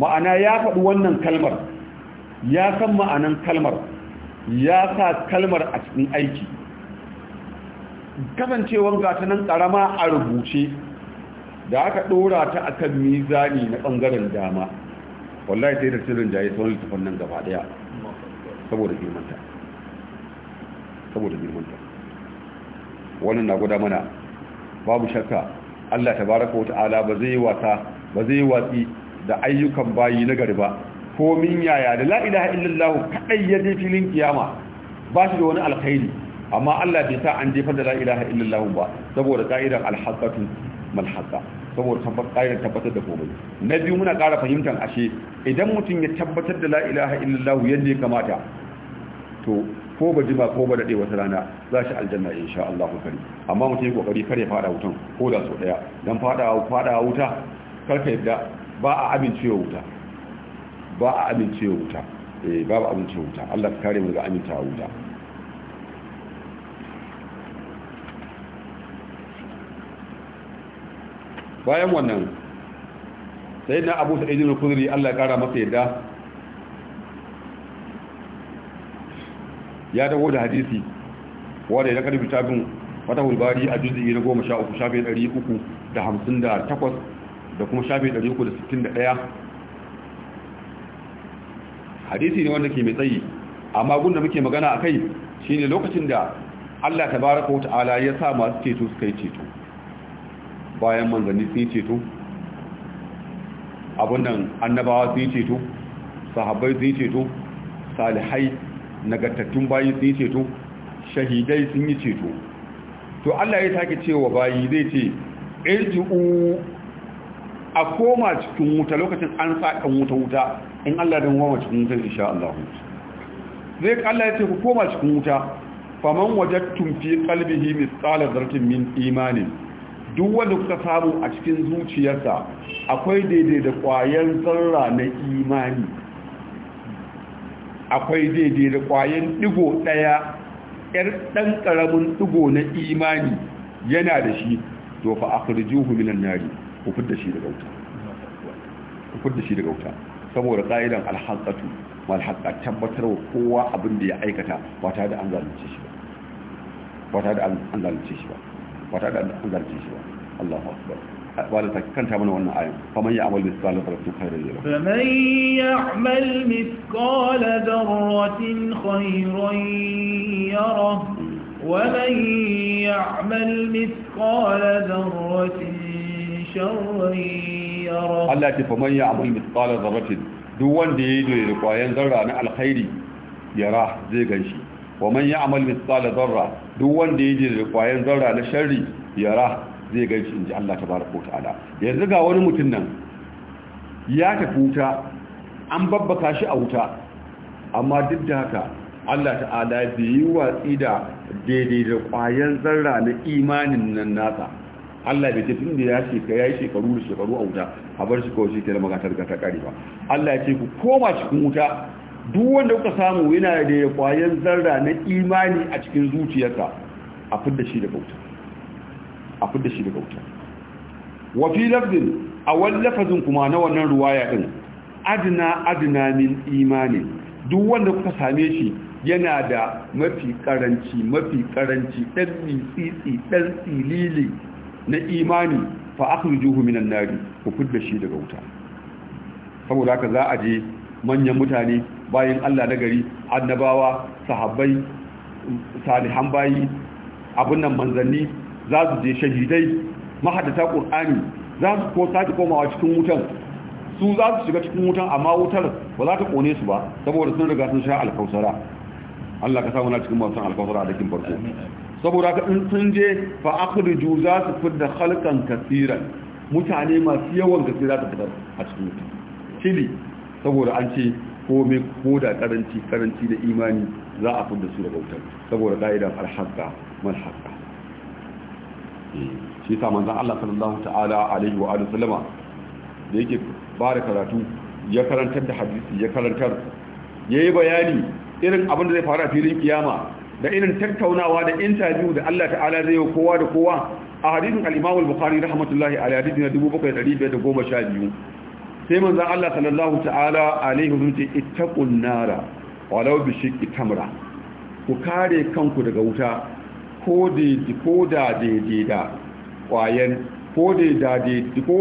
ma'ana ya faɗi wannan kalmar ya san ma'anan kalmar ya sa kalmar a cikin aiki kasancewar ta nan ƙarama a rubuce da aka ɗora ta akan mizani na ɓangaren dama wallahi sai da sirrin jaye sauran littafin nan gaba ɗaya saboda girmanta saboda girmanta wannan na guda mana babu shakka Allah tabaraka wa ta'ala ba zai wata ba zai watsi da ayyukan bayi na gari ba ko min yaya da la ilaha illallah kaɗai ya je filin kiyama ba shi da wani alkhairi amma Allah bai sa an jefar da la ilaha illallah ba saboda ka'idar alhaqatu mal haqa saboda ka'idar tabbatar da komai na biyu muna ƙara fahimtar ashe idan mutum ya tabbatar da la ilaha illallah yadda ya kamata to ko ba jima ko ba dade wata rana za shi aljanna insha Allah kare amma mutum yi kokari kare fada wutan ko da so daya dan fada fada wuta kar ka yadda ba a amincewa wuta ba a amincewa wuta eh ba ba amincewa wuta Allah ka kare mu daga aminta wuta bayan wannan sai na abu sa'idin al-kudri Allah ya kara masa yadda ya dawo da hadisi wanda ya karbi tabin fatahul hulbari a juz'i na goma sha shafe shafi uku da hamsin da da takwas kuma shafi ɗaya. hadisi ne wanda ke mai tsayi amma gun da muke magana a kai shi ne lokacin da Allah ko Ta'ala ya sa masu ceto suka yi ceto bayan manzanni sun yi ceto abin nan annabawa sun yi ceto sahabbai sun yi ceto salihai nagartattun bayi sun yi ceto shahidai sun yi ceto to Allah ya take cewa bayi zai ce U a koma cikin wuta lokacin an saka wuta wuta in Allah dan wama cikin wuta insha Allah zai Allah ya ce ku koma cikin wuta faman wajadtum fi qalbihi mithqala dharratin min imanin duk wanda kuka samu a cikin zuciyarsa akwai daidai da kwayan zarra na imani akwai daidai da kwayan digo daya yar dan karamin digo na imani yana da shi to fa akhrijuhu minan nari ku fidda shi daga wuta ku shi daga wuta saboda qailan alhaqatu wal haqa tabbatar wa kowa abin da ya aikata ba ta da an zalunce shi ba ba da an zalunce shi ba ba da an zalunce shi ba Allahu akbar فمن يعمل مثقال ذرة خيرا له فمن يعمل مثقال ذرة خير يره ومن يعمل مثقال ذرة شر يره الله فمن يعمل مثقال ذرة دون دي دي ذرة عن الخير يراه زي غنشي ومن يعمل مثقال ذرة دون دي دي ذرة عن الشر يراه zai gan shi in ji Allah tabaraka ta'ala yanzu ga wani mutum nan ya tafi wuta an babbaka shi a wuta amma duk da haka Allah ta'ala bai yi watsi da daidai da ƙwayan zarra na imanin nan nasa Allah bai ce tun da ya ce ka yi shekaru da shekaru a wuta a bar shi kawai shi ke da magatar ga ta kare ba Allah ya ce ku koma cikin wuta duk wanda kuka samu yana da ƙwayan zarra na imani a cikin zuciyarsa a fidda shi da bauta a da shi daga wuta wa fi a wani lafazin kuma na wannan ruwaya ɗin adina adina min imani duk wanda kuka same shi yana da mafi karanci mafi karanci ɗan mitsitsi ɗan tsilili na imani fa juhu minan nari ku da shi daga wuta saboda haka za a je manyan mutane bayan Allah na gari annabawa sahabbai salihan bayi abunan nan manzanni za su je shahidai mahadata ƙur'ani za su ko sake komawa cikin wutan su za su shiga cikin wutan amma wutar ba za ta ƙone su ba saboda sun riga sun sha alkausara Allah ka sa muna cikin masu alkausara a dakin farko saboda ka in sun je fa akhriju za su fidda khalqan kaseeran mutane masu yawan gaske za su fitar a cikin wutan. shili saboda an ce komai ko da karanci karanci da imani za a fidda su daga wutar saboda da'idan alhaqqa mal haqqa shi sa manzan Allah sallallahu ta'ala alaihi wa alihi sallama da yake bare karatu ya karantar da hadisi ya karantar yayi bayani irin abin da zai faru a filin kiyama da irin tattaunawa da interview da Allah ta'ala zai yi kowa da kowa a hadisin al-Imam al-Bukhari rahmatullahi alaihi na 7512 sai manzon Allah sallallahu ta'ala alaihi wa sallam ittaqun nara walau bi shiqqi tamra ku kare kanku daga wuta ko daidai da kwayan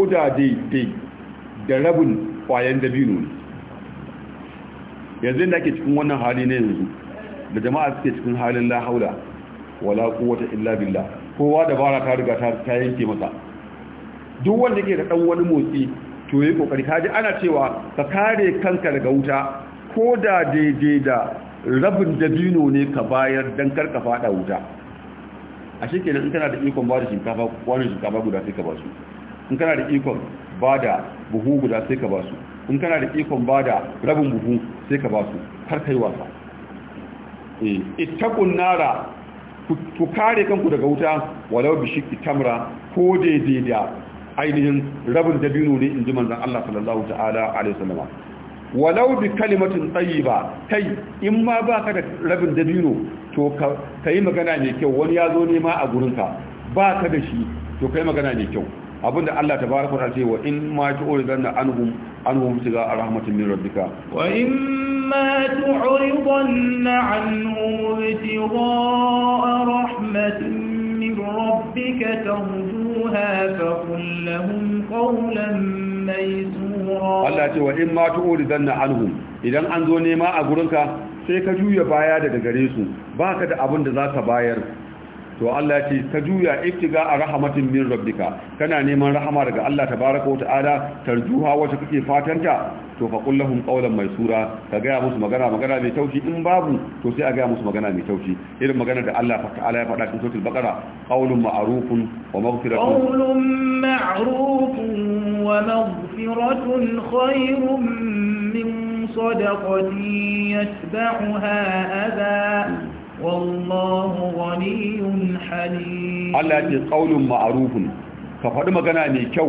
daidai da rabin kwayan dabino yanzu da ke cikin wannan hali ne yanzu da jama'a suke cikin halin lahaula wala wala wata illa billah kowa da bara ta riga ta yanke masa duk wanda ke da dan wani motsi to yi kokari ji ana cewa ka kare kanka daga wuta ko da daidai da rabin dabino ne ka bayar don karka fada wuta a kenan in kana da ikon ba da shinkafa kwanin shinkafa guda sai ka ba su in kana da ikon ba da buhu guda sai ka ba su in kana da ikon ba da rabin buhu sai ka ba su har kai wasa eh, ittakun nara ku kare kanku daga wuta walau bishi tamra ko daidai da ainihin rabin dabino ne in ji manzan Allah sallallahu ta'ala alaihi wasallam walau bi kalimatin tayyiba kai in ma baka da rabin dabino to ka yi magana mai kyau wani ya zo nema a gurinka ba ka da shi to ka yi magana mai kyau abinda Allah ta baraka ta ce wa in ma an an anhum anhum tiga rahmatin min rabbika wa in ma tu'ridanna anhum tiga rahmatin min rabbika tarjuha fa qul lahum qawlan maysura Allah ce wa in ma an anhum idan an zo nema a gurinka sai ka juya baya daga gare su ba ka da abin da za ka bayar to Allah ce ka juya iftiga a rahamatin min rabbika kana neman rahama daga Allah tabaraka wa ta'ala tarjuha wacce kake fatanta to fa qul lahum qawlan maysura ka ga musu magana magana mai taushi in babu to sai a ga musu magana mai taushi irin magana da Allah ta'ala ya faɗa cikin suratul baqara qawlun ma'rufun wa maghfiratun qawlun ma'rufun wa maghfiratun khayrun min صدقة يتبعها أذى والله غني حليم الله يجي قول معروف فقد مغنى ميكو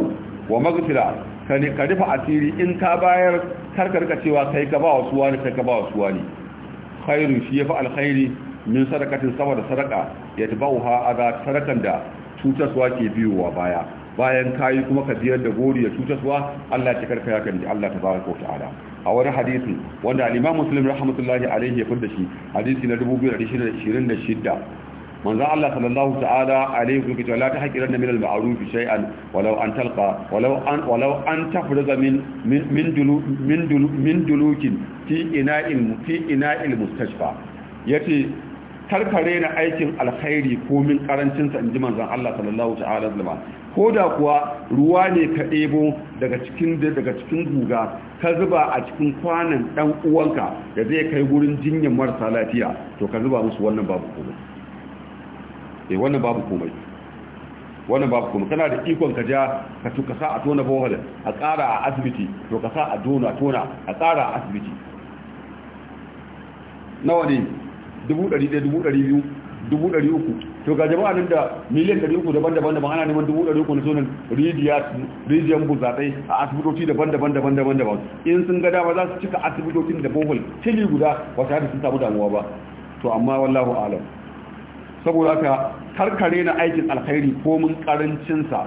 ومغفرة ka rufe asiri in ka bayar karkarka cewa kai ka ba wa suwa ne kai ka ba wa suwa ne khairu shi yafi alkhairi min sadakatin sama da sadaka ya tabawa aza sadakan da cutarwa ke biyowa baya bayan kayi kuma ka biyar da gori ya cutarwa Allah ya karkaya kan Allah tabaraka wa ta'ala a wani hadisi wanda al-Imam Muslim a alaihi ya da shi hadisi na 2626 manzo Allah sallallahu ta'ala alaihi wa sallam la tahqiranna min al-ma'ruf shay'an walau an talqa walau an walau an tafruza min min dulu min dulu min dulukin fi ina'il fi ina'il mustashfa karkare na aikin alkhairi ko min karancin in inji manzon Allah sallallahu ta'ala zama ko da kuwa ruwa ne ka ɗebo daga cikin daga cikin guga ka zuba a cikin kwanan ɗan uwanka da zai kai wurin jinyar marasa lafiya to ka zuba musu wannan babu komai eh wannan babu komai wannan babu komai kana da ikon ka ja ka tuka sa a tona bohol a ƙara a asibiti to ka sa a dona tona a ƙara a asibiti nawa ne dubu ɗari dubu ɗari biyu dubu ɗari uku to ga jama'a nan da miliyan ɗari uku daban-daban daban ana neman dubu ɗari uku na sunan rijiyar buzatsai a asibitoci daban-daban daban-daban daban in sun ga dama za su cika asibitocin da bohol cili guda ba tare da sun samu damuwa ba to amma wallahu alam saboda haka karkare na aikin alkhairi ko mun karancinsa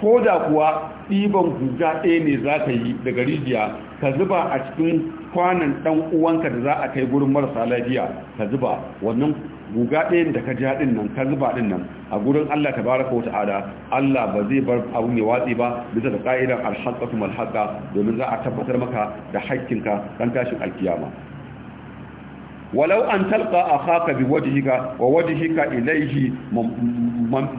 ko da kuwa ɗiban guda ɗaya ne za ka yi daga rijiya ka zuba a cikin kwanan dan uwanka da za a kai gurin marasa lafiya ka zuba wannan guga ɗayan da ka ja ɗin nan ka zuba ɗin nan a gurin Allah ta baraka wa ta'ala Allah ba zai bar abu mai watsi ba bisa da ƙa'idar alhaƙatu malhaƙa domin za a tabbatar maka da haƙƙinka ɗan tashin alkiyama walau an talqa akhaka bi wajhika wa wajhika ilayhi man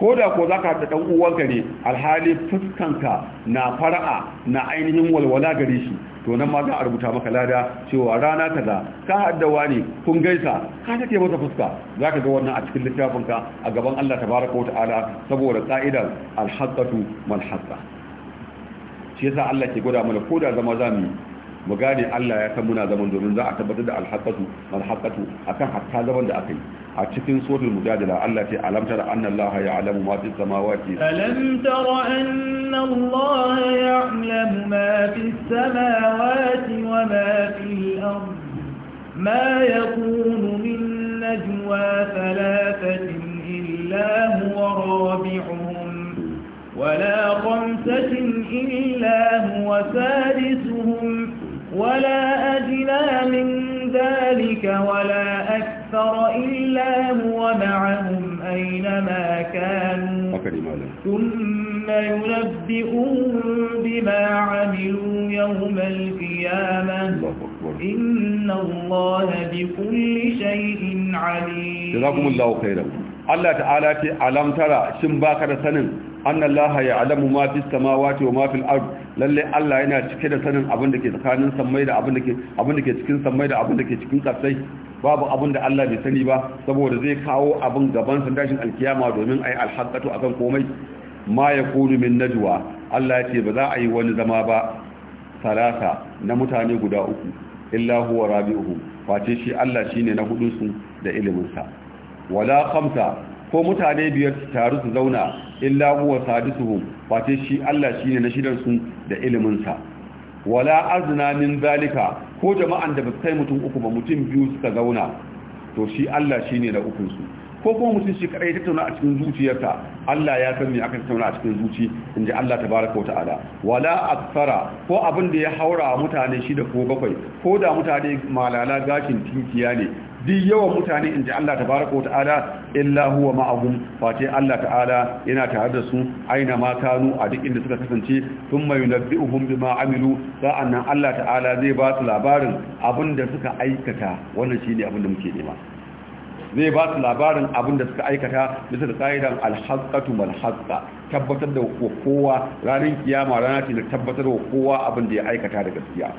ko da ko za ka ɗan uwanka ne alhali fuskanka na fara'a na ainihin walwala gare shi to nan ma za a rubuta maka lada cewa rana ka za ka haddawa ne kun gaisa ka take masa fuska za ka ga wannan a cikin littafinka a gaban Allah baraka wa ta'ala saboda ƙa'idar alhaƙatu malhaƙa shi yasa Allah ke gwada mana ko da zama za yi. mu gane Allah ya san muna zaman domin za a tabbatar da alhaqatu wal akan hatta zaman da akai a cikin suratul mujadila Allah ce alam tara anna Allah ya'lamu ma fis samawati alam tara anna Allah ya'lamu ma fis samawati wa ma fil ard ma yakunu min najwa thalathatin illa huwa هو wa la khamsatin illa huwa sadisuhum ولا أدنى من ذلك ولا أكثر إلا هو معهم أينما كانوا ثم ينبئهم بما عملوا يوم القيامة إن الله بكل شيء عليم جزاكم الله خيرا الله تعالى ce ترى tara رسنن أن الله يعلم ما في السماوات وما في الأرض lalle Allah yana cike da sanin abin da ke tsakanin sammai da abin da ke abin da ke cikin sammai da abin da ke cikin kasai babu abin da Allah bai sani ba saboda zai kawo abin gaban san tashin alkiyama domin ai alhaqatu akan komai ma yakunu min najwa Allah ya ce ba za a yi wani zama ba Salasa, na mutane guda uku illa huwa rabi'uhum face shi Allah shine na hudu su da ilimin sa wala khamsa ko mutane biyar taru su zauna illa huwa sadisuhum face shi Allah shi ne na shidan su da ilimin sa wala azna min zalika ko jama'an da ba kai mutum uku ba mutum biyu suka zauna to shi Allah ne da ukun su ko kuma mutum shi kadai ta tauna a cikin zuciyarsa Allah ya san me aka tauna a cikin zuci in ji Allah tabaraka wa ta'ala wala aksara ko abin da ya haura mutane shi da ko bakwai ko da mutane malala gashin tinkiya ne duk yawan mutane in ji Allah tabaraka wa ta'ala illa huwa ma'ahum Allah ta'ala yana tare da su aina ma kanu a duk inda suka kasance thumma yunabbi'uhum bima amilu sa'annan Allah ta'ala zai ba su labarin abinda suka aikata wannan shine abinda muke nema zai ba su labarin abin da suka aikata bisa da tsayidan alhaskatu malhaska tabbatar da kowa ranar kiyama rana ce da tabbatar da kowa abin da ya aikata da gaskiya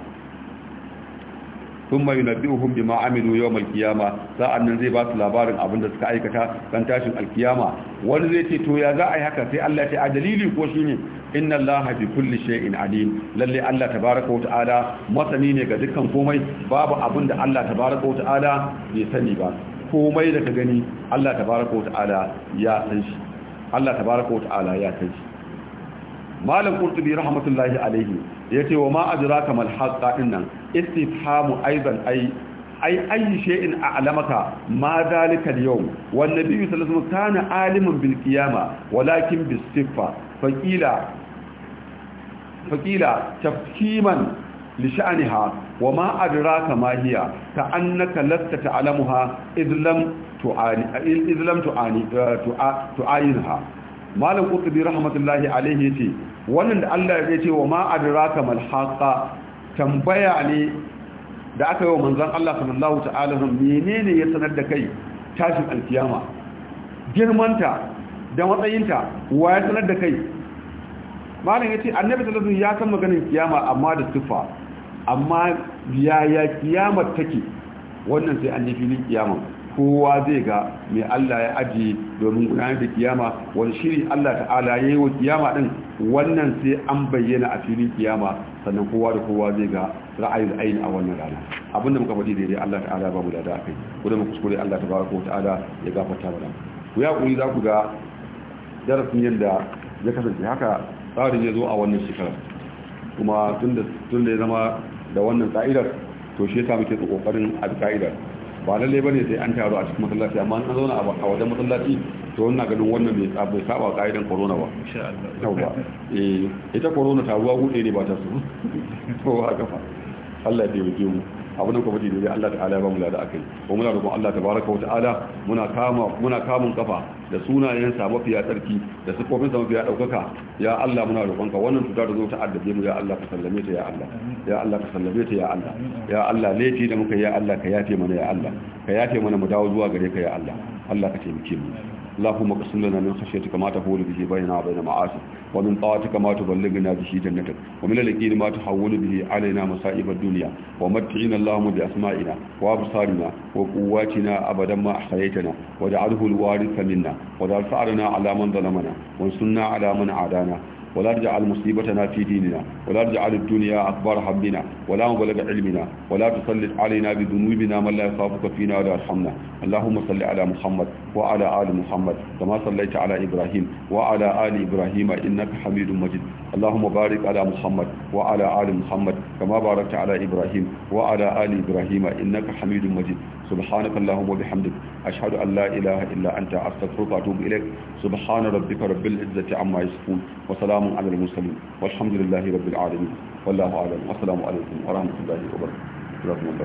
sun mai nabi'uhum bima amilu yawmal qiyama sa'annan zai basu labarin abin da suka aikata kan tashin alkiyama wani zai ce to ya za a yi haka sai Allah ya ce a dalili ko shine inna allaha bi kulli shay'in alim Lallai Allah tabaaraka ta'ala masani ne ga dukkan komai babu abin da Allah tabaaraka ta'ala bai sani ba komai da ka gani Allah tabaaraka ta'ala ya san ya san shi malam qurtubi rahmatullahi alaihi yace wa ma adraka mal haqqa innan istifhamu aidan ay ay ayi shay'in a'lamaka ma dhalika al-yawm wan nabiy sallallahu alaihi wasallam kana aliman bil qiyamah walakin bis siffa faqila faqila tafkiman li sha'niha wa ma adraka ma hiya ka annaka lasta ta'lamuha idh lam tu'ani idh lam tu'ani tu'ayinha malam qurtubi rahmatullahi alaihi yace wannan da Allah ya ce wa ma adraka mal haqa tambaya ne da aka yi wa manzon Allah sallallahu ta'ala menene ya sanar da kai tashin alkiyama girmanta da matsayinta wa ya sanar da kai malam yace annabi sallallahu alaihi ya san maganin kiyama amma da sifa amma yaya kiyamar take wannan sai an yi filin kiyama kowa zai ga mai Allah ya ajiye domin gudanar da kiyama wani shiri Allah ta'ala ya yi wa kiyama din wannan sai an bayyana a filin kiyama sannan kowa da kowa zai ga ra'ayi da ayin a wannan rana abinda muka faɗi daidai Allah ta'ala ba mu da da akai gudan mu kuskure Allah ta wa ta'ala ya gafarta mana ku ya kuri za ku ga darasin yadda ya kasance haka tsarin ya zo a wannan shekarar kuma tun da ya zama da wannan ka'idar to shi ya yasa muke ƙoƙarin a ka'idar ba lalle ba ne sai an taru a cikin masallaci amma an zauna a wajen masallaci to wannan ganin wannan bai saba bai saba ka'idan corona ba Allah eh ita corona taruwa gude ne ba ta su to [LAUGHS] haka fa Allah ya taimake mu abin da kuma ji dai Allah ta'ala ya ba mu lada akai kuma muna roƙon Allah tabaraka wa ta'ala muna kama muna kamun kafa da sunayen sa mafiya tsarki da sifofin sa mafiya daukaka ya Allah muna roƙon ka wannan cuta da zo ta addabe mu ya Allah ka sallame ta ya Allah ya Allah ka sallame ta ya Allah ya Allah laifi da muka ya Allah ka yafe mana ya Allah ka yafe mana mu dawo zuwa gare ka ya Allah Allah ka taimake mu اللهم اقسم لنا من خشيتك ما تحول به بيننا وبين معاصيك ومن طاعتك ما تبلغنا به جنتك ومن اليقين ما تحول به علينا مصائب الدنيا ومتعنا اللهم بأسمائنا وأبصارنا وقواتنا أبدا ما أحييتنا واجعله الوارث منا واجعل ثأرنا على من ظلمنا وانصرنا على من عادانا ولا تجعل مصيبتنا في ديننا ولا تجعل الدنيا أكبر حبنا ولا مبلغ علمنا ولا تسلط علينا بذنوبنا من لا يخافك فينا ولا يرحمنا اللهم صل على محمد وعلى آل محمد كما صليت على إبراهيم وعلى آل إبراهيم إنك حميد مجيد اللهم بارك على محمد وعلى آل محمد كما باركت على إبراهيم وعلى آل إبراهيم إنك حميد مجيد subhanaka allahumma wa bihamdik ilaha illa anta astaghfiruka subhana rabbika izzati amma yasifun wa